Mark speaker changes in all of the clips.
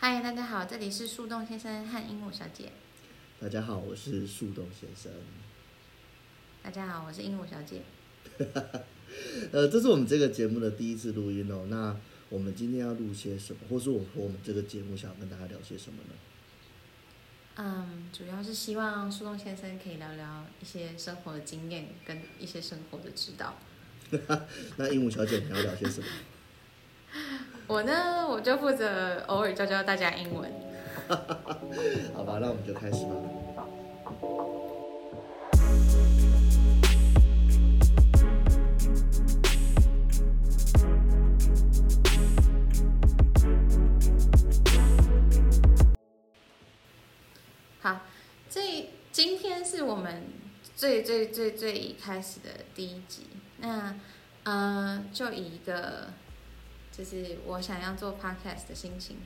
Speaker 1: 嗨，大家好，這裡是樹洞先生和鸚鵡小姐。
Speaker 2: 大家好，我是樹洞先生。
Speaker 1: 大家好，我是鸚鵡小姐。
Speaker 2: 呃， 這是我們這個節目的第一次錄音哦。那我們今天要錄些什麼，或是我和我們這個節目想要跟大家聊些什麼呢？嗯、
Speaker 1: um,，主要是希望樹洞先生可以聊聊一些生活的經驗跟一些生活的指導。
Speaker 2: 那鸚鵡小姐，你要聊，聊些什麼？
Speaker 1: 我呢，我就負責偶爾教教大家英文。
Speaker 2: 好吧，那我們就開始吧。
Speaker 1: 好，這今天是我們最最最最開始的第一集。那，呃，就以一個。就是我想要做 podcast 的心情，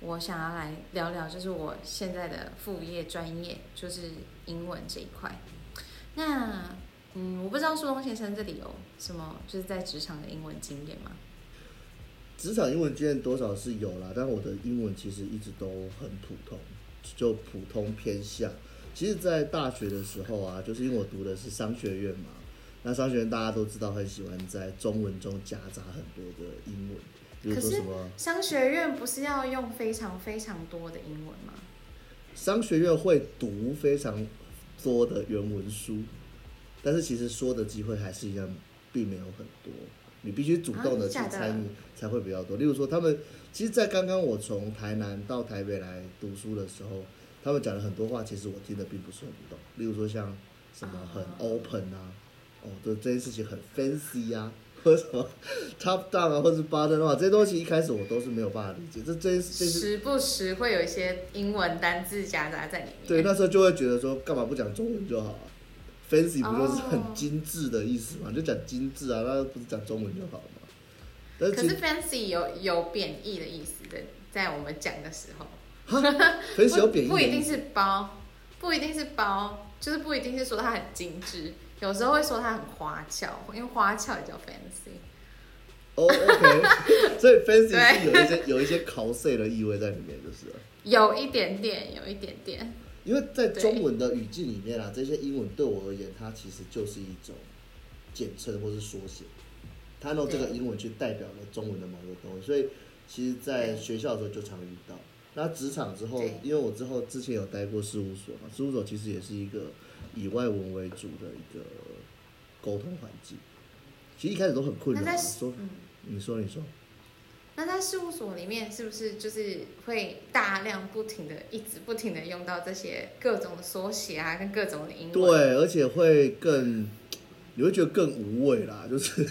Speaker 1: 我想要來聊聊，就是我現在的副業專業，就是英文這一塊。那，嗯，我不知道樹東先生這裡有什麼，就是在職場的英文經驗嗎？
Speaker 2: 職場英文經驗多少是有啦，但我的英文其實一直都很普通，就普通偏向。其實，在大學的時候啊，就是因為我讀的是商學院嘛。那商學院大家都知道，很喜歡在中文中夾雜很多的英文。例如說什麼啊？可是，商學院不是要用非
Speaker 1: 常非常多的英文嗎？
Speaker 2: 商學院會讀非常多的原文書，但是其實說的機會還是一樣，並沒有很多。你必須主動的去參與，才會比較多。例如說，他們其實，在剛剛我從台南到台北來讀書的時候，他們講了很多話，其實我聽得並不是很懂。例如說，像什麼很 open 啊。啊哦，對，這些事情很 fancy 啊，或者什麼 top down 啊，或者是 bottom 啊，這些東西一開始我都是沒有辦法理解。這這些時
Speaker 1: 不時會有一些英文單字夾雜在裡面。
Speaker 2: 對，那時候就會覺得說，幹嘛不講中文就好了啊？Oh，fancy 不就是很精緻的意思嘛，就講精緻啊，那不是講中文就好了嘛？嗯，可是
Speaker 1: fancy 有有貶義的意思的，在我們講的時候，
Speaker 2: 很有貶義 不。不一定
Speaker 1: 是包，不一定是包，就是不一定是說它很精緻。
Speaker 2: 有時候會說它很花俏，因為花俏也叫 fancy。哦、oh，OK， 所以 fancy 是有一些有一些 costly 的意味在裡面，就是。有一點點，
Speaker 1: 有一
Speaker 2: 點點。因為在中文的語境裡面啊，這些英文對我而言，它其實就是一種簡稱或是縮寫，它用這個英文去代表了中文的某個東西。所以，其實在學校的時候就常遇到。那職場之後，因為我之後之前有待過事務所嘛，事務所其實也是一個。以外文為主的一個溝通環境，其實一開始都很困難，嗯。你說，你說，
Speaker 1: 那在事務所裡面是不是就是會大量不停的，一直不停的用到這些各種的縮寫啊，跟各種的英文？
Speaker 2: 對，而且會更、嗯，你會覺得更無味啦，就是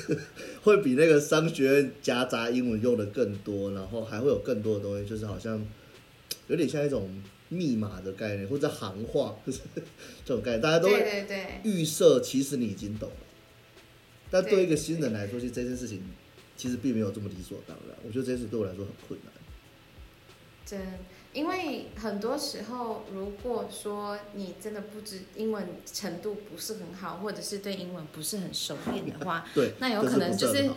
Speaker 2: 會比那個商學院夾雜英文用的更多，然後還會有更多的東西，就是好像有點像一種。密碼的概念，或者行話，就是這種概念，大家都會預設，其實你已經懂了。對對對，但對一個新人來說，其實這件事情其實並沒有這麼理所當然。我覺得這件事情對我來說很困難。
Speaker 1: 對，因為很多時候，如果說你真的不知英文程度不是很好，或者是對英文不是很熟練的話， 對，那有可能就是，是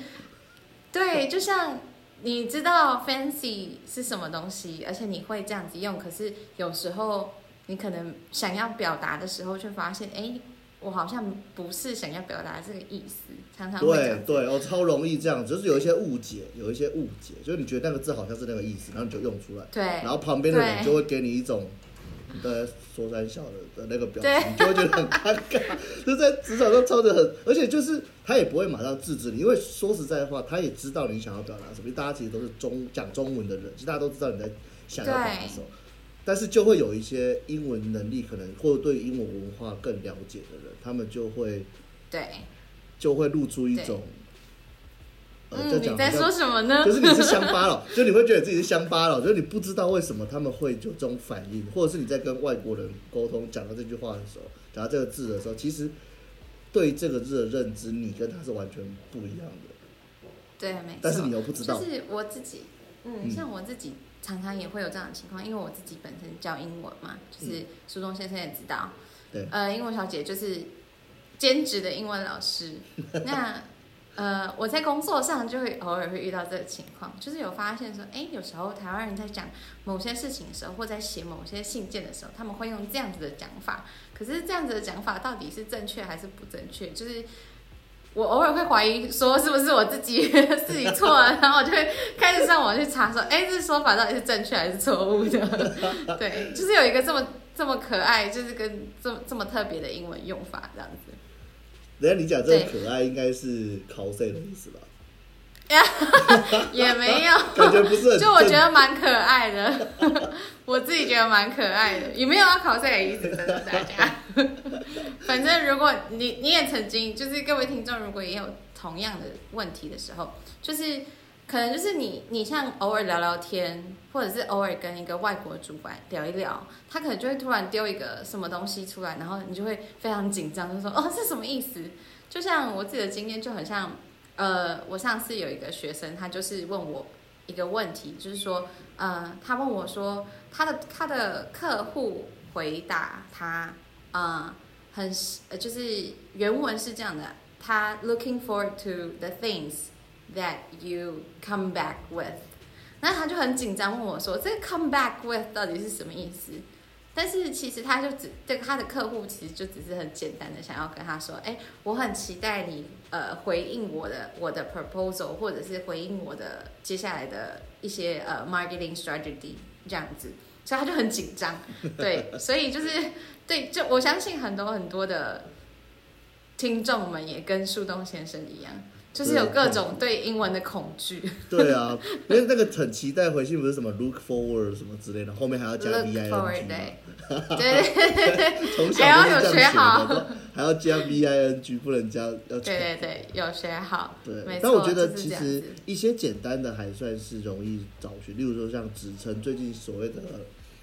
Speaker 1: 對，就像。你知道 fancy 是什麼東西，而且你會這樣子用，可是有時候你可能想要表達的時候，卻發現，哎、欸，我好像不是想要表達這個意思，常常，對
Speaker 2: 對，我超容易這樣，就是有一些誤解，有一些誤解，就是你覺得那個字好像是那個意思，然後你就用出來，對，然後旁邊的人就會給你一種。家說三小的的那個表情，就會覺得很尷尬。就在職場上操着很，而且就是他也不會馬上制止你，因為說實在話，他也知道你想要表達什麼。因為大家其實都是中講中文的人，其實大家都知道你在想要表達什麼。但是就會有一些英文能力可能或者對英文文化更了解的人，他們就會對，就會露出一種。嗯、你在說什
Speaker 1: 麼呢？可、就是你是鄉巴
Speaker 2: 佬， 就你會覺得自己是鄉巴佬，就是你不知道為什麼他們會有這種反應，或者是你在跟外國人溝通講到這句話的時候，講到這個字的時候，其實對這個字的認知，你跟他是完全不一樣的。對，沒錯。但是你又不知道。就是
Speaker 1: 我自己，嗯，像我自己常常也會有這樣的情況，嗯、因為我自己本身教英文嘛，就是蘇東先生也知道，呃，鸚鵡小姐就是兼職的英文老師，那。 呃，我在工作上就會偶爾會遇到這個情況，就是有發現說，哎，有時候台灣人在講某些事情的時候，或在寫某些信件的時候，他們會用這樣子的講法。可是這樣子的講法到底是正確還是不正確？就是我偶爾會懷疑說，是不是我自己呵呵自己錯了，然後我就會開始上網去查，說，哎，這說法到底是正確還是錯誤的？對，就是有一個這麼這麼可愛，就是跟這麼這麼特別的英文用法這樣子。
Speaker 2: 人家你講這個可愛，應該是 kuso 的意思吧？呀，
Speaker 1: 也沒有，感覺不是， 就我覺得蠻可愛的， 我自己覺得蠻可愛的，也沒有要 kuso 的意思， 等等大家。反正如果你你也曾經，就是各位聽眾，如果也有同樣的問題的時候，就是。可能就是你，你像偶爾聊聊天，或者是偶爾跟一個外國主管聊一聊，他可能就會突然丟一個什麼東西出來，然後你就會非常緊張，就說哦，這什麼意思？就像我自己的經驗，就很像，呃，我上次有一個學生，他就是問我一個問題，就是說，呃，他問我說，他的他的客戶回答他，呃，很，就是原文是這樣的，他 looking forward to the things。That you come back with，那他就很緊張，問我說：“這個 come back with 到底是什麼意思？”但是其實他就只對他的客戶，其實就只是很簡單的想要跟他說：“哎、欸，我很期待你呃回應我的我的 proposal，或者是回應我的接下來的一些呃 marketing strategy 這樣子。”所以他就很緊張，對，所以就是對，就我相信很多很多的聽眾們也跟樹東先生一樣。就是有各種
Speaker 2: 對英文的恐懼。對啊，因為那個很期待回信，不是什麼 look forward 什麼之類的，後面還要加 v i n g。Forward, 對 對對對，從 小就 要有學好，還要加 v i n g，不能加要加。 對對對，有學好。對，沒錯，但我覺得其實一些簡單的還算是容易找尋，例如說像職稱，最近所謂的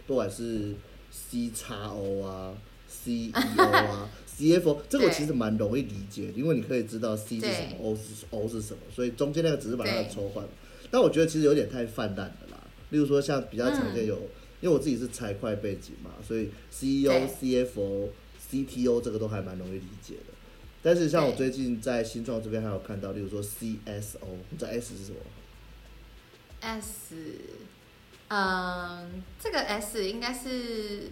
Speaker 2: 不管是 C 叉 O 啊，C E O 啊。 CFO 這個我其實蠻容易理解，因為你可以知道 C 是什麼，O 是 O 是什麼，所以中間那個只是把它的抽換。但我覺得其實有點太泛濫的啦。例如說像比較常見有，嗯，因為我自己是財會背景嘛，所以 CEO、CFO、CTO 這個都還蠻容易理解的。但是像我最近在新創這邊還有看到，例如說 CSO，你知道 S 是什麼？S，嗯，這個 S 應該是。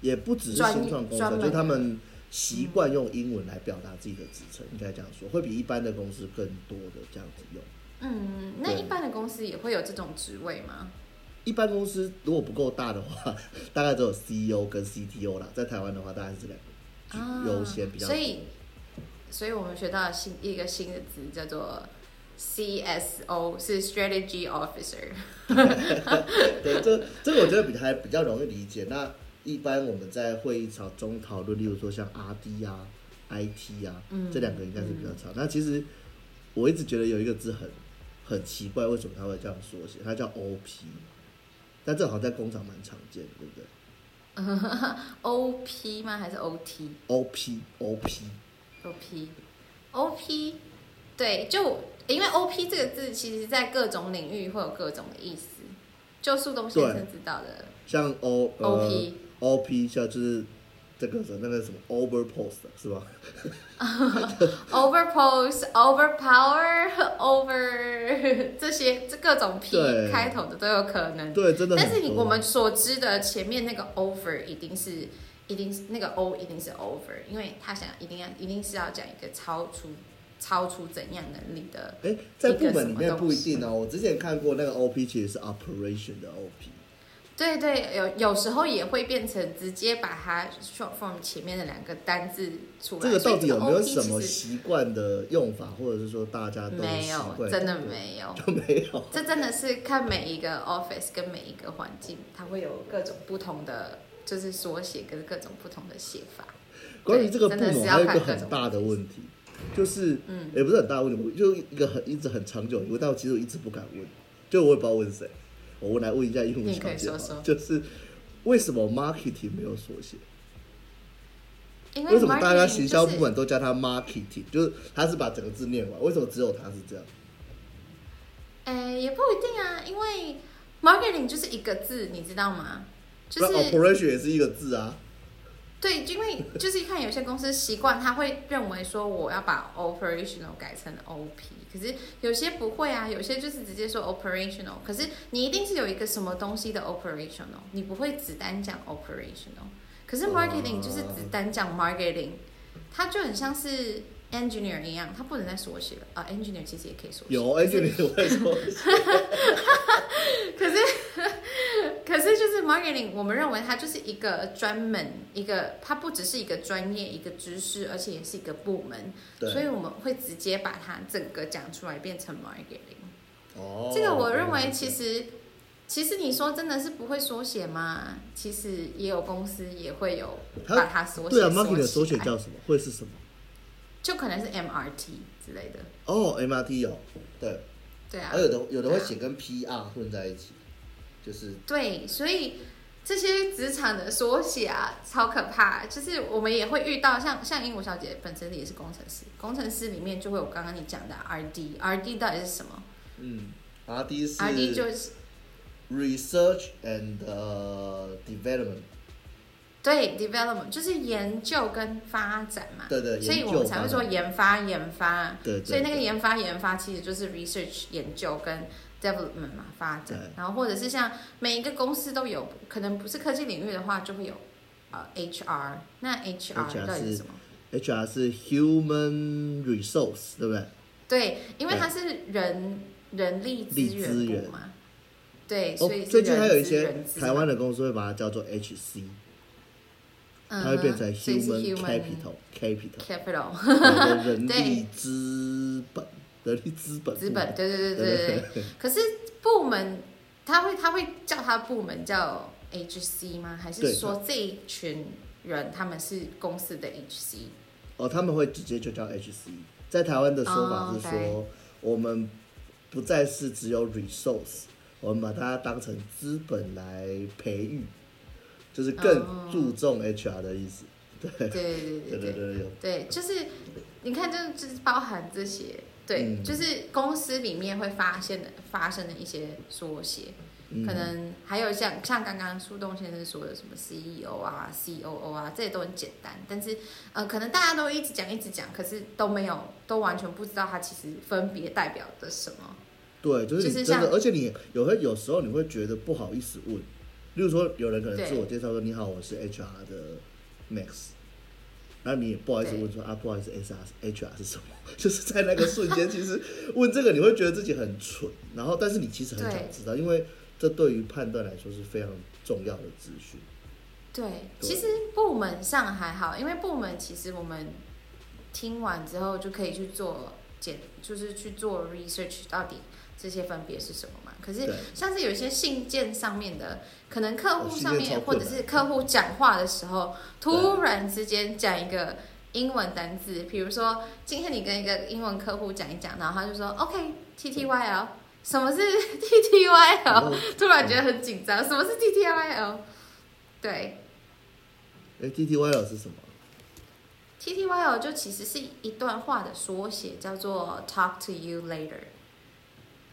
Speaker 2: 也不只是新創公司，就他們習慣用英文來表達自己的職稱、嗯，應該這樣說，會比一般的公司更多的這樣子用。嗯，
Speaker 1: 那一般的公司也會有這種職位嗎？
Speaker 2: 一般公司如果不夠大的話，大概只有 CEO 跟 CTO 啦。在台灣的話，大概是這兩個
Speaker 1: 優先比較、啊。所以，所以我們學到新一個新的詞叫做 CSO，是 Strategy Officer。
Speaker 2: 對，這這個我覺得比還比較容易理解。那一般我們在會議場中討論，例如說像 R D 啊、I T 啊，嗯、這兩個應該是比較常、嗯。那其實我一直覺得有一個字很很奇怪，為什麼他會這樣縮寫？他叫 O P，但這好像在工廠蠻常見的，對不對、嗯、
Speaker 1: ？O P 嗎？還是 O T？O
Speaker 2: P O P O P
Speaker 1: O P 對，就因為 O P 這個字，其實，在各種領域會有各種的意思。就樹東先生知道的，
Speaker 2: 像 O O、呃、P。OP 一下就是這個那個什麼 overpost 是吧、？
Speaker 1: uh,Overpost, overpower, over 這些這各種 P 開頭的都有可能。對，真的。但是我們所知的前面那個 over 一定是一定是那個 O 一定是 over，因為他想一定要一定是要講一個超出超出怎樣能力的。
Speaker 2: 哎，在部門裡面不一定哦。我之前看過那個 OP 其實是 operation 的 OP。
Speaker 1: 對對，有有時候也會變成直接把它 short form 前面的兩個單字出來。這個到底有沒有什麼習
Speaker 2: 慣的用法，或者是說大家都沒有，真的沒有就沒有。
Speaker 1: 這真的是看每一個 office 跟每一個環境，嗯，它會有各種不同的，就是縮寫跟各種不同的寫法。關於這個，真的還有一個很
Speaker 2: 大的問題，嗯、就是嗯，也、欸、不是很大的問題，就一個很一直很長久，但我其實我一直不敢問，就我也不知道問誰。我來問一下鸚鵡小姐說說，就是為什麼 marketing 沒有縮寫？
Speaker 1: 因為為什麼大家行銷部門都
Speaker 2: 叫他 marketing，、就是、就是他是把整個字念完，為什麼只有他是這樣？哎、欸，也不
Speaker 1: 一定
Speaker 2: 啊，因為 marketing 就是一個字，你知道嗎？就是 operation 也是一個字啊。
Speaker 1: 對，因為就是一看有些公司習慣，他會認為說我要把 operational 改成 OP，可是有些不會啊，有些就是直接說 operational，可是你一定是有一個什麼東西的 operational，你不會只單講 operational，可是 marketing 就是只單講 marketing，它就很像是 engineer 一樣，它不能再縮寫了啊，engineer 其實也可以縮寫有 engineer，也可
Speaker 2: 以縮寫，
Speaker 1: 可是。 可是可是就是 marketing，我們認為它就是一個專門一個，它不只是一個專業一個知識，而且也是一個部門。對。所以我們會直接把它整個講出來變成 marketing。
Speaker 2: 哦。這個我認為其
Speaker 1: 實其實你說真的是不會縮寫嗎？其實也有公司也會有把它縮寫。對啊，marketing 的縮
Speaker 2: 寫叫什麼？會是什麼？
Speaker 1: 就可能是 MRT 之
Speaker 2: 類的。哦，MRT 有。對。對啊。有的有的會寫跟 PR 混在一起。就是
Speaker 1: 對，所以這些職場的縮寫啊，超可怕。就是我們也會遇到像，像像鸚鵡小姐本身也是工程師，工程師裡面就會有剛剛你講的 R&D。R&D 到底是什麼？嗯
Speaker 2: ，R&D 是 R&D 就是 research and, uh, development 對。
Speaker 1: 對 development 就是研究跟發展嘛。對對，所以我們才會說研發研發。對，對，對，對，所以那個研發研發其實就是 research 研究跟。Development 嘛，發展，然後或
Speaker 2: 者是像每一個公司都有，可能不是科技領域的話，就會有，呃、uh,，HR，那 HR, HR 那是什麼？HR 是 human resource，
Speaker 1: 對不對？對，因為它是人人力資源嘛資源。對，所以最近、哦、還有一些
Speaker 2: 台灣的公司會把它叫做 HC，、嗯、它會變成 human capital，capital，Capital Capital 然後人力資本。 人力資本，本，資本，對對對對， 對、對、對、對。
Speaker 1: 可是部門他會他會叫他部門叫 H C 嗎？還是說這一群人他、他們是公司的 H C？
Speaker 2: 哦，他們會直接就叫 H C。在台灣的說法是說，oh, okay. 我們不再是只有 resource，我們把它當成資本來培育，就是更注重 H R 的意思。對、oh, 對對對對對、對對對對，對，
Speaker 1: 就是對你看就，就就是包含這些。對、嗯，就是公司裡面會發現的、發生的一些縮寫、嗯，可能還有像像剛剛樹洞先生說的什麼 CEO 啊、COO 啊，這些都很簡單，但是呃，可能大家都一直講、一直講，可是都沒有、都完全不知道它其實分別代表的什麼。
Speaker 2: 對，就是你真的，就是、而且你有有時候你會覺得不好意思問，例如說有人可能自我介紹說：“你好，我是 HR 的 Max。”那你也不好意思問說啊，不好意思，S R H R 是什麼？就是在那個瞬間，其實問這個你會覺得自己很蠢。然後，但是你其實很想知道，因為這對於判斷來說是非常重要的資訊，對。
Speaker 1: 對，其實部門上還好，因為部門其實我們聽完之後就可以去做檢，就是去做 research，到底這些分別是什麼嘛？可是，像是有一些信件上面的，可能客戶上面，或者是客戶講話的時候，突然之間講一個英文單字，比如說今天你跟一個英文客戶講一講，然後他就說 OK TTYL，什麼是 TTYL？突然覺得很緊張、嗯，什麼是 TTYL？對，哎、
Speaker 2: 欸，TTYL 是什麼
Speaker 1: ？TTYL 就其實是一段話的縮寫，叫做 Talk to you later。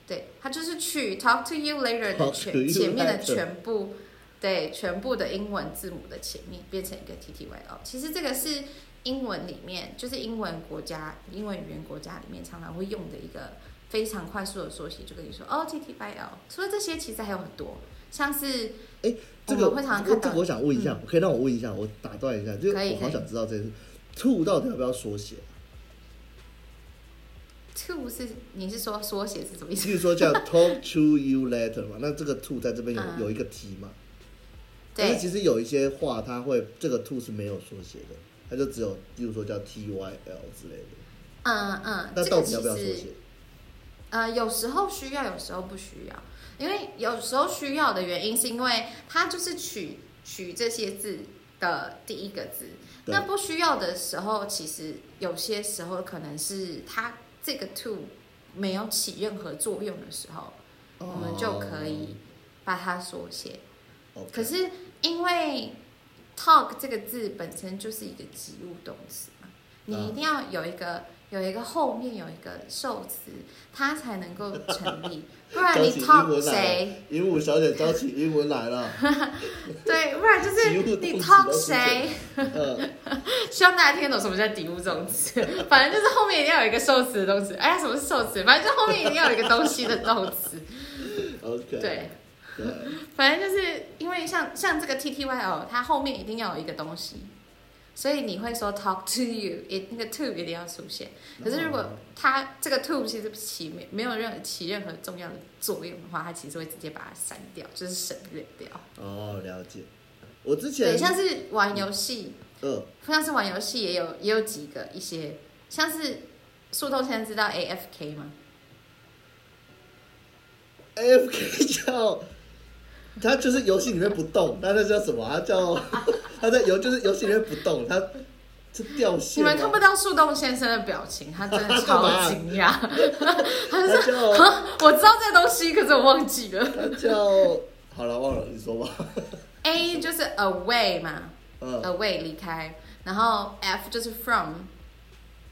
Speaker 1: 對，它就是取 talk to you later 的全前,前面的全部，對，全部的英文字母的前面變成一個 TTYL。其實這個是英文裡面，就是英文國家、英文語言國家裡面常常會用的一個非常快速的縮
Speaker 2: 寫。就跟你說，哦
Speaker 1: ，TTYL。TTYL, 除了這些，其實還有很多，像是，哎，這個我
Speaker 2: 會常常看到。這個這個、我想問一下、嗯，可以讓我問一下，我打斷一下，就我好想知道這 two 到底要不要縮寫？
Speaker 1: to 是你是
Speaker 2: 說縮寫是什麼意思？就是說叫 talk to you later 嘛？ 那這個 to 在這邊有、嗯、有一個 t 嗎？
Speaker 1: 對，但其
Speaker 2: 實有一些話，它會這個 to 是沒有縮寫的，它就只有，例如說叫 t y l 之類的。嗯嗯，
Speaker 1: 那到底要不要縮寫、這個？呃，有時候需要，有時候不需要。因為有時候需要的原因是因為它就是取取這些字的第一個字。那不需要的時候，其實有些時候可能是它。這個 to 沒有起任何作用的時候，Oh. 我們就可以把它縮寫。Okay. 可是因為 talk 這個字本身就是一個及物動詞嘛，你一定要有一個。有一個後面有一個受詞，它才能夠成立，不然你 talk 誰？
Speaker 2: 鸚鵡小姐教起英文來了，來了
Speaker 1: 對，不然就是
Speaker 2: 你 talk 誰,誰、嗯？
Speaker 1: 希望大家聽得懂什麼叫及物動詞，反正就是後面一定要有一個受詞的東西。哎呀，什麼是受詞？反正就後面一定要有一個東西的動詞。OK，對，反正就是因為像像這個 TTYL，它後面一定要有一個東西。所以你會說 talk to you，t 那個 to 一定要出現。可是如果它這個 to 其實起沒沒有任何起任何重要的作用的話，它其實會直接把它刪掉，就是省略掉。哦，了
Speaker 2: 解。我之前，對，像是玩遊戲，
Speaker 1: 嗯，像是玩遊戲、嗯呃、也有也有幾個一些，像是速通，現在知道 AFK 嗎
Speaker 2: ？AFK 叫。他就是遊戲裡面不動，但 那叫什麼？他叫 他在游，就是遊戲裡面不動，他這掉線。你們看不
Speaker 1: 到樹洞先生的表情，他真的超驚訝 幹嘛、 就是。他說，我知道這東西，可是我忘記了。他叫
Speaker 2: 好了，忘了，你說吧。
Speaker 1: A 就是 away 嘛 ，away 離開，然後 F 就是 from，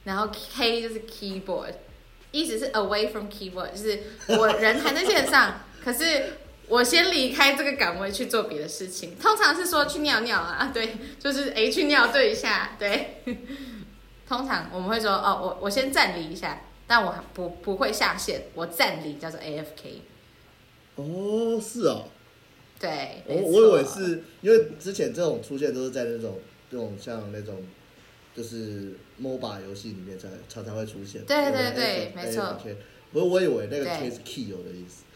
Speaker 1: 然後 K 就是 keyboard，意 思是 away from keyboard，就是我人還在線上， 可是。我先離開這個崗位去做別的事情，通常是說去尿尿啊，對，就是哎去尿對一下，對。通常我們會說哦，我我先暫離一下，但我不不會下線，我暫離叫做 AFK。
Speaker 2: 哦，是哦。
Speaker 1: 對。我我以為是
Speaker 2: 因為之前這種出現都是在那種這種像那種就是 MOBA 遊戲裡面才常常會出現。對對對，對，AFF，沒錯。AFK，不過，我以為那個 K 是 kill 的意思。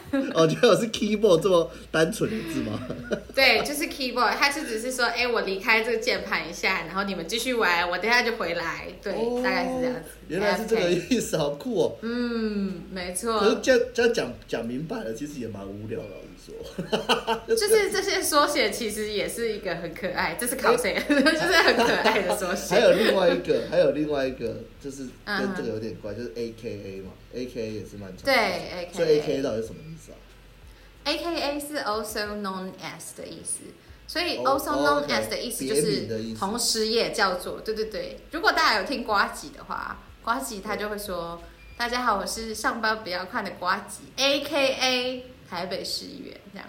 Speaker 2: 我覺得我是 keyboard 這麼單純的字嗎？
Speaker 1: 對，就是 keyboard，他是只是說，哎、欸，我離開這個鍵盤一下，然後你們繼續玩，我等下就回來，
Speaker 2: 對，哦、大概是這樣子。原來是這個意思，okay. 好酷哦。嗯，
Speaker 1: 沒錯。可是這
Speaker 2: 樣這樣講講明白了，其實也蠻無聊的，我跟你說。
Speaker 1: 就是這些縮寫其實也是一個很可愛，這是考誰？ 就是很可愛的
Speaker 2: 縮寫。 還有另外一個，還有另外一個，就是、uh -huh. 跟這個有點怪，就是 aka 嘛，aka 也是蠻長的。對，aka。 所以 aka 到底是什麼意思？
Speaker 1: 是啊、Aka 是 also known as 的意思，所以 also known、oh, okay, as 的意思就是同時也叫做。對對對，如果大家有聽呱吉的話，呱吉他就會說：“大家好，我是上班比較快的呱吉、嗯、，Aka 台北市議員。”這樣，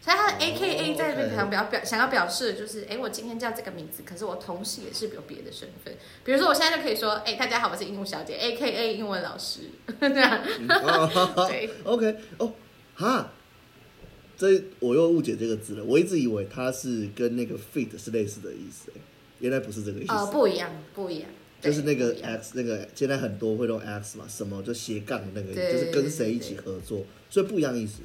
Speaker 1: 所以他的、oh, Aka 在這邊可能表表、okay. 想要表示的就是：哎、欸，我今天叫這個名字，可是我同時也是有別的身份。比如說，我現在就可以說：“哎、欸，大家好，我是鸚鵡小姐、mm.，Aka 英文老師。”
Speaker 2: 這樣、mm. oh,，OK 哦、oh. Okay. Oh. 哈，這我又誤解這個字了。我一直以為它是跟那個 feat 是類似的意思，原來不是這個意思。哦，不一
Speaker 1: 樣，不一樣。
Speaker 2: 就是那個 x 那個，現在很多會用 x 嘛，什麼就斜槓的那個意思，就是跟誰一起合作，所以不一樣意思。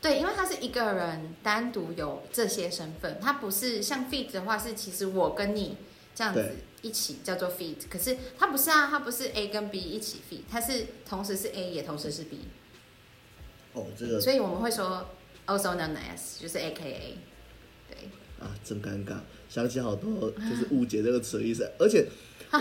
Speaker 1: 對，因為他是一個人單獨有這些身份，他不是像 feat 的話是其實我跟你這樣子一起叫做 feat，可是他不是啊，他不是 a 跟 b 一起 feat，他是同時是 a 也同時是 b。嗯。哦，這個、嗯，所以我們會說，also known
Speaker 2: as，就是 AKA，對。啊，真尷尬，想起好多就是誤解這個詞的意思， 而且，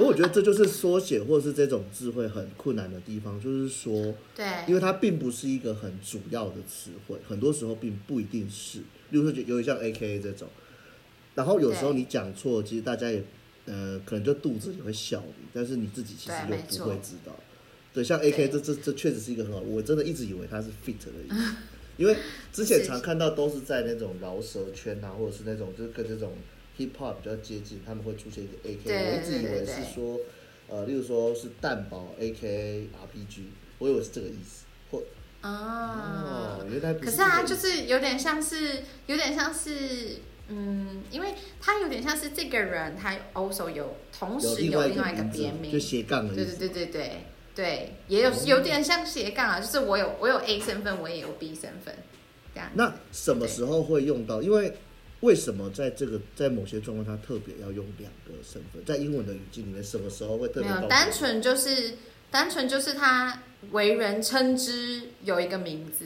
Speaker 2: 我覺得這就是縮寫或是這種字彙很困難的地方，就是說， 對，因為它並不是一個很主要的詞彙，很多時候並不一定是，比如說，有點像 AKA 這種，然後有時候你講錯，其實大家也，呃，可能就肚子也會笑你，但是你自己其實就不會知道。對，像 A K、okay. 這這這確實是一個很好，我真的一直以為它是 feat. 的意思， 因為之前常看到都是在那種饒舌圈啊，或者是那種就是跟這種 hip hop 比較接近，他們會出現一個 A K，我一直以為是說對對對對呃，例如說是蛋堡 A K A R P G，我以為是這個意思，或啊、oh, 嗯，原來不是，可是啊，就是有點像
Speaker 1: 是
Speaker 2: 有點像是嗯，因
Speaker 1: 為他有點像是這個人，他 also 有同時有另，一有另外一個別
Speaker 2: 名，就斜槓的意思，對對對
Speaker 1: 對對。對，也有有點像斜槓啊，就是我有我有 A 身份，我也有 B 身份，
Speaker 2: 這樣。那什麼時候會用到？因為為什麼在這個在某些狀況，他特別要用兩個身份？在英文的語境裡面，什麼時候會特別？沒有，單
Speaker 1: 純就是單純就是他為人稱之有一個名字。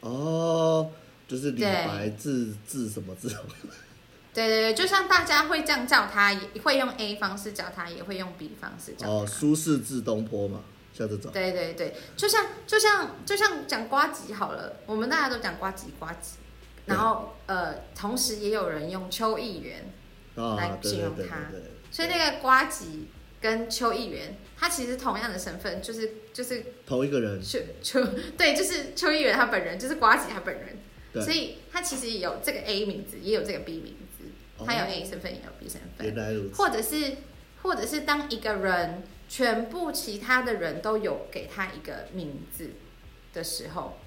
Speaker 2: 哦，就是李白字字什麼字？
Speaker 1: 對對對，就像大家會這樣叫他，也會用 A 方式叫他，也會用 B 方式叫他。哦，
Speaker 2: 蘇軾字東坡嘛，像這種。對
Speaker 1: 對對，就像就像就像講呱吉好了，我們大家都講呱吉呱吉，然後呃，同時也有人用邱議員來形容他。哦對對對對對對對，所以那個呱吉跟邱議員，他其實同樣的身份，就是，就是就是
Speaker 2: 同一個人。是，
Speaker 1: 邱對，就是邱議員他本人，就是呱吉他本人對，所以他其實也有這個 A 名字，也有這個 B 名。他有 A 身份，
Speaker 2: 也有 B 身份，
Speaker 1: 或者是，或者是當一個人全部其他的人都有給他一個名字的時候，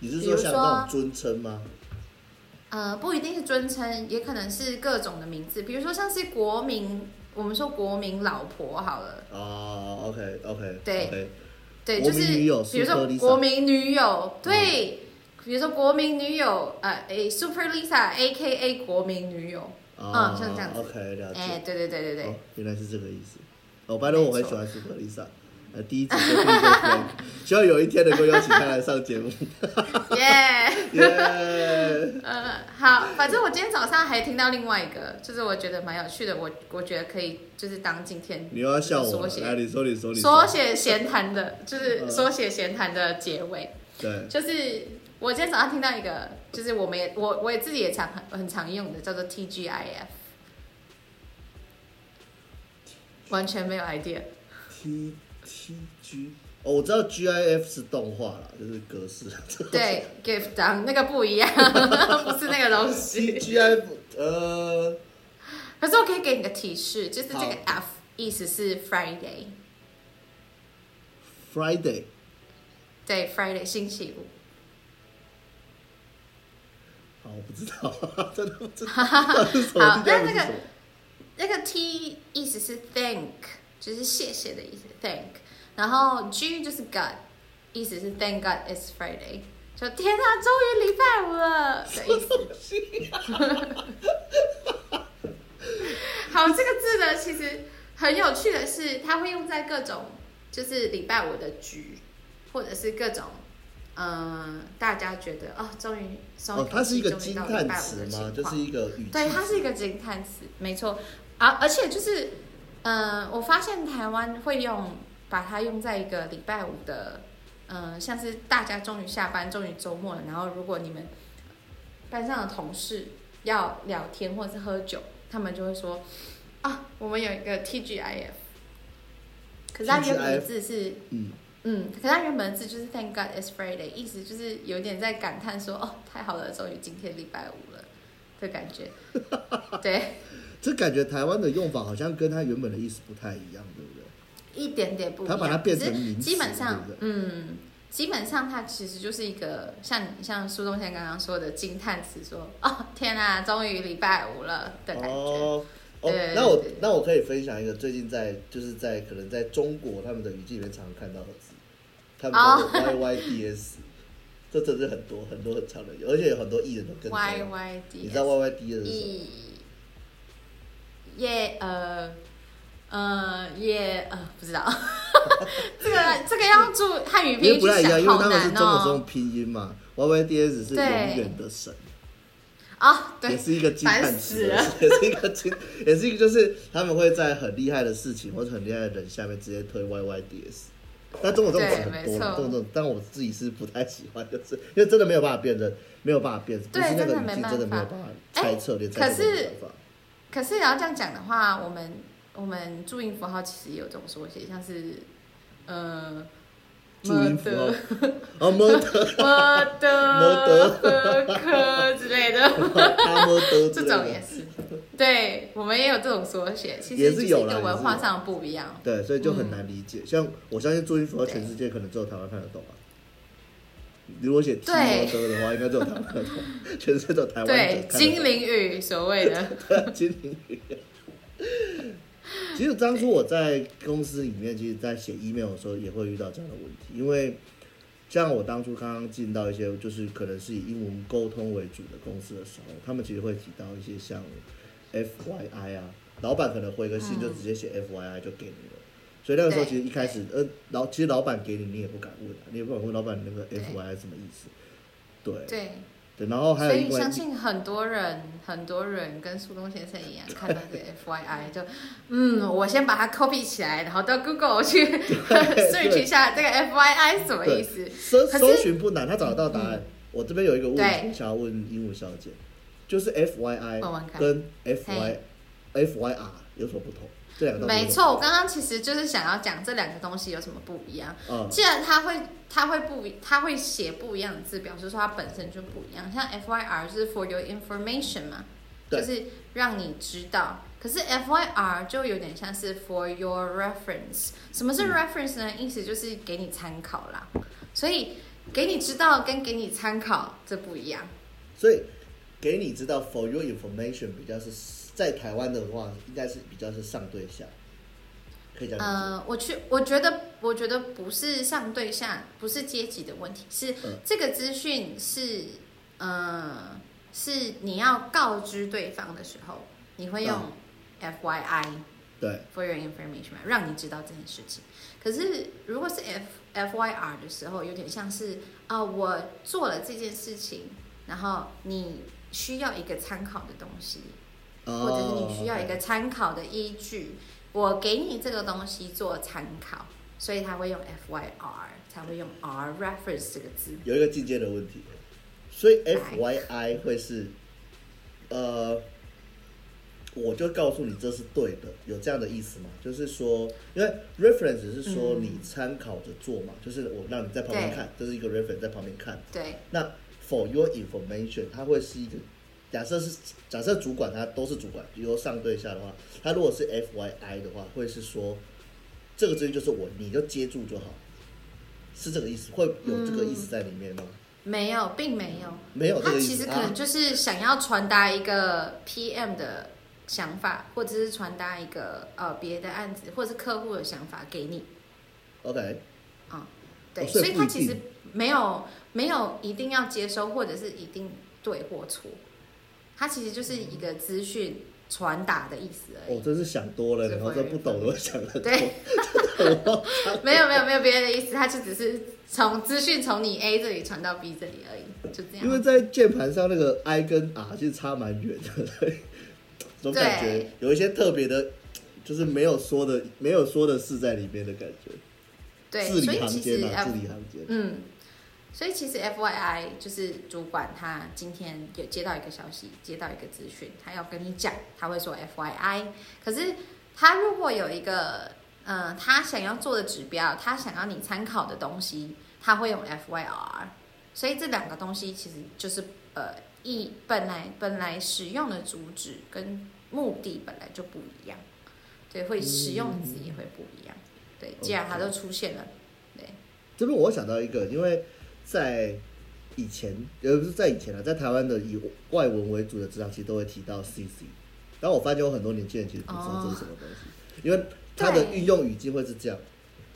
Speaker 1: 比如說
Speaker 2: 尊稱嗎？
Speaker 1: 呃，不一定是尊稱，也可能是各種的名字，比如說像是國民，我們說國民老婆好了。
Speaker 2: 哦，OK，OK，對，對，就是比如說國民
Speaker 1: 女友，對，比如說國民女友，對，嗯，比如說國民女友，呃，A Super Lisa AKA 國民女友。哦、嗯，就這樣。
Speaker 2: OK，了解。哎、欸，對對對對對、哦，原來是這個意思。Oh, 哦，反正我很喜歡蘇格麗莎，呃， 第一次就第一次，希望有一天能夠邀請他來上節目。耶！耶！嗯，
Speaker 1: 好，反正我今天早上還聽到另外一個，就是我覺得蠻有趣的，我我覺得可以，就是當今天。你又
Speaker 2: 要笑我了。哎，你說，你說，你說。縮
Speaker 1: 寫閒談的，就是縮寫閒談的結尾。對、嗯。就是。我今天早上聽到一個，就是我們也我我也自己也常很很常用的叫做 T G I F，完全沒有 idea。
Speaker 2: T T G，哦，我知道 G I F 是動畫啦，就是格式。
Speaker 1: 對 ，give down 那個不一樣， 不是那個東西。G I F，呃，可是我可以給你個提示，就是這個 F，F 意思是 Friday。
Speaker 2: Friday。
Speaker 1: 對，Friday 星期五。
Speaker 2: 我不知道，真的，真的，
Speaker 1: 真的，好，那那個那個 T 意思是 thank，就是謝謝的意思 thank，然後 G 就是 God，意思是 thank God it's Friday，說天啊，終於禮拜五了， 意思啊、 好，這個字呢其實很有趣的是，它會用在各種就是禮拜五的局，或者是各種。嗯、呃，大家覺得啊、哦，終於鬆一口氣，終於到禮
Speaker 2: 拜五的情況、哦、是
Speaker 1: 一個驚嘆詞嗎？就是、對，它是一個驚嘆詞，沒錯。而、啊、而且就是，嗯、呃，我發現台灣會用把它用在一個禮拜五的，嗯、呃，像是大家終於下班，終於週末了。然後如果你們班上的同事要聊天或者是喝酒，他們就會說啊，我們有一個 TGIF，可是它的名字是嗯。嗯，可他原本的字就是 Thank God it's Friday，意思就是有點在感嘆說，哦，太好了，終於今天禮拜五了的感覺。對，
Speaker 2: 這感覺台灣的用法好像跟他原本的意思不太一樣，對不對？一點
Speaker 1: 點不一樣，它把它變成名詞，對不對？嗯，基本上它其實就是一個像像蘇東先生剛剛說的驚嘆詞，說，哦，天哪，終於禮拜五了的感覺。哦，對對對對對對哦，
Speaker 2: 那我那我可以分享一個最近在就是在可能在中國他們的語境裡面常常看到的。的他們叫 Y Y D S，這真是很多 很多很常用的，而且有很多藝人都跟著。Y Y D S。你知道 Y
Speaker 1: Y D S 是什麼？耶 y...、yeah, 呃呃耶、yeah, 呃不知道， 這個這個要注漢語
Speaker 2: 拼音。不太一樣，因為他們是中文用拼音嘛？Y Y D S 是永遠的
Speaker 1: 神。也是一個金漢字，也是一個
Speaker 2: 金，也是一個就是他們會在很厲害的事情 或者很厲害的人下面直接推 Y Y D S。但這種這種很多，這種這種，但我自己是不太喜歡，就是因為真的沒有辦法辨認，沒有辦法辨就是那個就真的沒有辦法、欸、猜測、欸，可是，
Speaker 1: 可是你要這樣講的話，我們我們注音符號其實也有這種縮寫，像是呃。
Speaker 2: 注音符號啊，啊、哦，摩德，摩
Speaker 1: 德克之類的，摩德的這種
Speaker 2: 也是，對，我們也有這種縮
Speaker 1: 寫，其實也是有的，文化上不一樣，
Speaker 2: 對，所以就很難理解。像我相信注音符號在全世界可能只有台灣看得懂吧、啊。如果寫中國說的話，應該只有台灣看懂，全世界台灣對精
Speaker 1: 靈語所謂的 對
Speaker 2: 對，精靈語。其實當初我在公司裡面，其實在寫 email 的時候也會遇到這樣的問題，因為像我當初剛剛進到一些就是可能是以英文溝通為主的公司的時候，他們其實會提到一些像 FYI 啊，老闆可能回個信就直接寫 FYI 就給你了，嗯，所以那個時候其實一開始呃老其實老闆給你你也不敢問啊，你也不敢問老闆你那個 FYI 什麼意思，對對。對然後還有，所以相信
Speaker 1: 很多人，很多人跟蘇東先生一樣，看到這個 F Y I 就，嗯，我先把它 copy 起來，然後到 Google 去 search 一下這個 F Y I 是什麼意思？
Speaker 2: 搜搜尋不難，他找得到答案、嗯嗯。我這邊有一個問題想要問鸚鵡小姐，就是 F Y I 跟 F Y、hey, F Y R 有所不同。沒錯，我
Speaker 1: 剛剛其實就是想要講這兩個東西有什麼不一樣、嗯。既然他會，他會不，他會寫不一樣的字，表示說他本身就不一樣。像 F Y R 是 For Your Information 嘛，對，就是讓你知道。可是 F Y R 就有點像是 For Your Reference。什麼是 Reference 呢、嗯？意思就是給你參考啦。所以給你知道跟給你參考這不一樣。
Speaker 2: 所以給你知道 For Your Information 比較是。在台灣的話，應該是比較是上對下，可以這樣呃
Speaker 1: ，uh, 我去，我覺得，我覺得不是上對下，不是階級的問題，是這個資訊是，uh. 呃，是你要告知對方的時候，你會用 F Y I，對、uh.，For your information，讓你知道這件事情。可是如果是 F F Y R 的時候，有點像是啊、呃，我做了這件事情，然後你需要一個參考的東西。
Speaker 2: 或者是你需要一個
Speaker 1: 參考的依據，oh, okay. 我給你這個東西做參考，所以他會用 F Y R，他會用
Speaker 2: R reference 這個字。有一個進階的問題，所以 F Y I 會是，right. 呃，我就告訴你這是對的，有這樣的意思嗎？就是說，因為 reference 是說你參考着做嘛、嗯，就是我讓你在旁邊看，這、就是一個 reference 在旁邊看。對。那 For your information，它會是一個。假設是假設主管他都是主管，比如上對下的話，他如果是 F Y I 的話，會是說這個資訊就是我，你就接住就好，是這個意思？會有這個意思在裡面嗎？嗯、
Speaker 1: 沒有，並沒有。
Speaker 2: 嗯、沒有這個意思，他其實可能就
Speaker 1: 是想要傳達一個 P M 的想法，啊、或者是傳達一個呃別的案子，或者是客戶的想法給你。
Speaker 2: OK、嗯。啊，對、哦所，所以他其實
Speaker 1: 沒有沒有一定要接收，或者是一定對或錯。它其實就是一個資訊傳達的意思而
Speaker 2: 已。我、哦、真是想多了，對對然後這不懂的想太多。對，
Speaker 1: 沒有沒有沒有別的意思，它就只是從資訊從你 A 這裡傳到 B 這裡而已，就這樣。因
Speaker 2: 為在鍵盤上那個 I 跟 R 就差蠻遠的，總感覺有一些特別的，就是沒有說的沒有說的事在裡面的感覺。對，字裡行間吶，字裡行間，嗯。
Speaker 1: 所以其實 FYI 就是主管，他今天有接到一個消息，接到一個資訊，他要跟你講，他會說 FYI。可是他如果有一個，嗯、呃，他想要做的指標，他想要你參考的東西，他會用 FYR。所以這兩個東西其實就是，呃，一本來本來使用的主旨跟目的本來就不一樣，對，會使用的指引會不一樣，
Speaker 2: 對。既然他都出現了，okay. 對。這邊我想到一個，因為。在以前，也不是在以前了，啊，在台灣的以外文為主的職場，其實都會提到 CC。然後我發現，我很多年輕人其實不知道這是什麼東西，哦、因為它的運用語境會是這樣，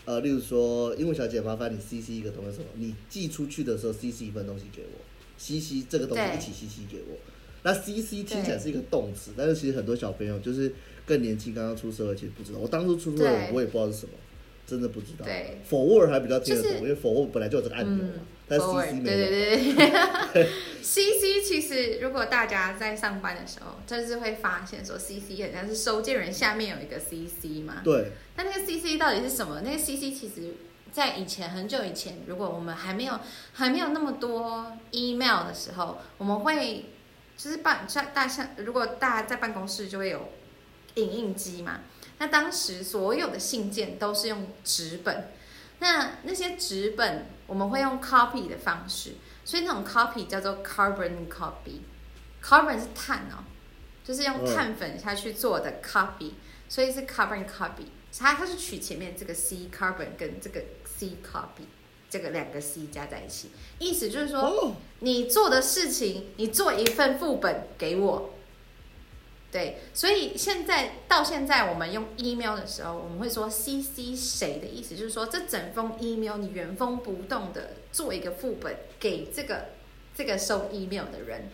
Speaker 2: 呃，例如說，鸚鵡小姐，麻煩你 CC 一個東西，什麼，你寄出去的時候，CC 一份東西給我，CC 這個東西一起 CC 給我。那 CC 聽起來是一個動詞，但是其實很多小朋友就是更年輕，剛剛出社會，其實不知道。我當初出社會，我也不知道是什麼。真的不知道對，Forward 對還比較貼合、就是，因為 Forward 本來就有這個案子、嗯、但是 CC Forward, 沒有。對
Speaker 1: 對對，對 ，CC 其實如果大家在上班的時候，就是會發現說，CC 好像是收件人下面有一個 CC 嘛。對。那那個 CC 到底是什麼？那個 CC 其實，在以前很久以前，如果我們還沒有還沒有那麼多 email 的時候，我們會就是辦在大上，如果大家在辦公室就會有影印機嘛。那當時所有的信件都是用紙本，那那些紙本我們會用 copy 的方式，所以那種 copy 叫做 carbon copy。carbon 是碳哦，就是用碳粉下去做的 copy，所以是 carbon copy 它，它它是取前面這個 c carbon 跟這個 c copy 這個兩個 c 加在一起，意思就是說你做的事情，你做一份副本給我。對，所以現在到現在，我們用 email 的時候，我們會說 CC 誰的意思就是說，這整封 email 你原封不動的做一個副本給這個這個收 email 的人，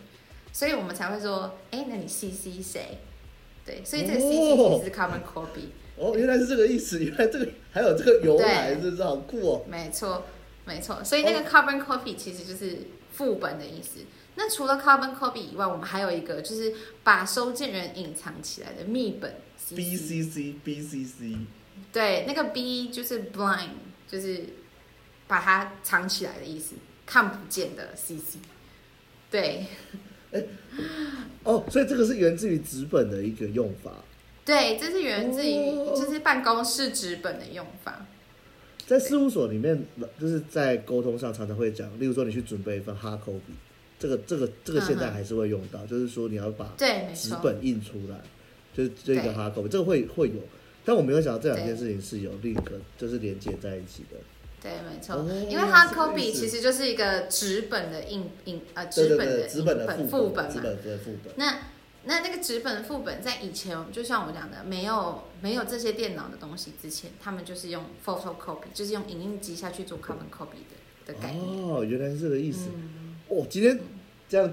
Speaker 1: 所以我們才會說，哎，那你 CC 誰？對，所以這個 CC 其實是
Speaker 2: carbon copy 哦。哦，原來是這個意思，原來這個還有這個由來，這這好酷哦。
Speaker 1: 沒錯，沒錯，所以那個 carbon copy 其實就是副本的意思。那除了 Carbon Copy 以外，我們還有一個就是把收件人隱藏起來的密本 CC, BCC BCC。對，那個 B 就是 Blind，就是把它藏起來的意思，看不見的 CC 對。
Speaker 2: 對，哦，所以這個是源自於紙本的一個用法。
Speaker 1: 對，這是源自於就是辦公室紙本的用法。
Speaker 2: 哦、在事務所裡面，就是在溝通上常常會講，例如說你去準備一份 hard copy。這個這個這個現在還是會用到，嗯、就是說你要把紙本印出來，就是這個 hard copy，這個會會有。但我沒有想到這兩件事情是有 link，就是連接在一起的。對，
Speaker 1: 沒錯，哦、因為 hard copy 其實就是一個紙本的印印，呃，紙本的，對對對，紙本的印本，紙本的副本，紙本副
Speaker 2: 本嘛，紙本副本。
Speaker 1: 那那那個紙本的副本在以前，就像我們講的，沒有沒有這些電腦的東西之前，他們就是用 photocopy，就是用影印機下去做 carbon copy 的
Speaker 2: 的概念。哦，原來是這個意思。嗯我、哦、今天這樣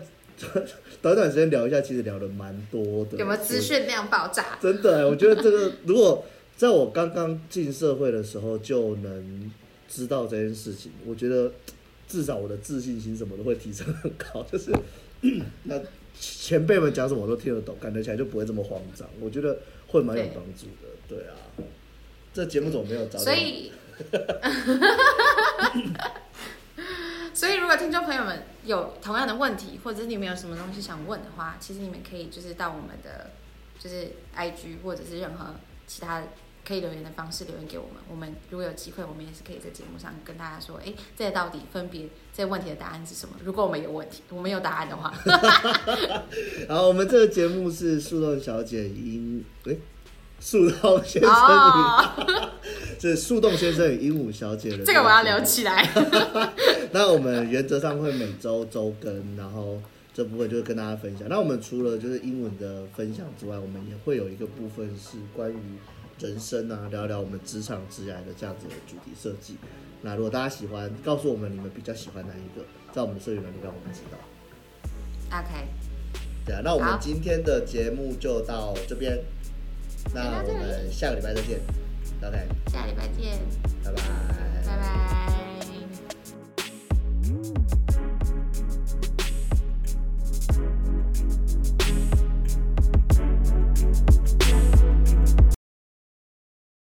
Speaker 2: 短短時間聊一下，其實聊得蠻多的。有沒有資訊
Speaker 1: 量爆炸？真
Speaker 2: 的，我覺得這個 如果在我剛剛進社會的時候就能知道這件事情，我覺得至少我的自信心什麼都會提升很高。就是那 前輩們講什麼我都聽得懂，感覺起來就不會這麼慌張。我覺得會蠻有幫助的，對。對啊，這節目怎麼沒有找到所以……所以
Speaker 1: 所以，如果聽眾朋友們有同樣的問題，或者是你們有什麼東西想問的話，其實你們可以就是到我們的就是 IG 或者是任何其他可以留言的方式留言給我們。我們如果有機會，我們也是可以在節目上跟大家說，哎，這到底分別這問題的答案是什麼？如果我們有問題，我們有答案的話。
Speaker 2: 然 後， 我們這個節目是樹洞小姐音，對，樹洞先生。Oh. 這、就、樹、是、洞先生與鸚鵡小姐的這個我要
Speaker 1: 聊起來 。
Speaker 2: 那我們原則上會每周周更，然後這部分就跟大家分享。那我們除了就是英文的分享之外，我們也會有一個部分是關於人生啊，聊聊我們職場之外的這樣子的主題設計。那如果大家喜歡，告訴我們你們比較喜歡哪一個，在我們的社群軟體上，我們知道。OK。
Speaker 1: 對
Speaker 2: 啊，那我們今天的節目就到這邊，okay. 那我們下個禮拜再見。Okay. 下禮拜見，拜拜，拜拜。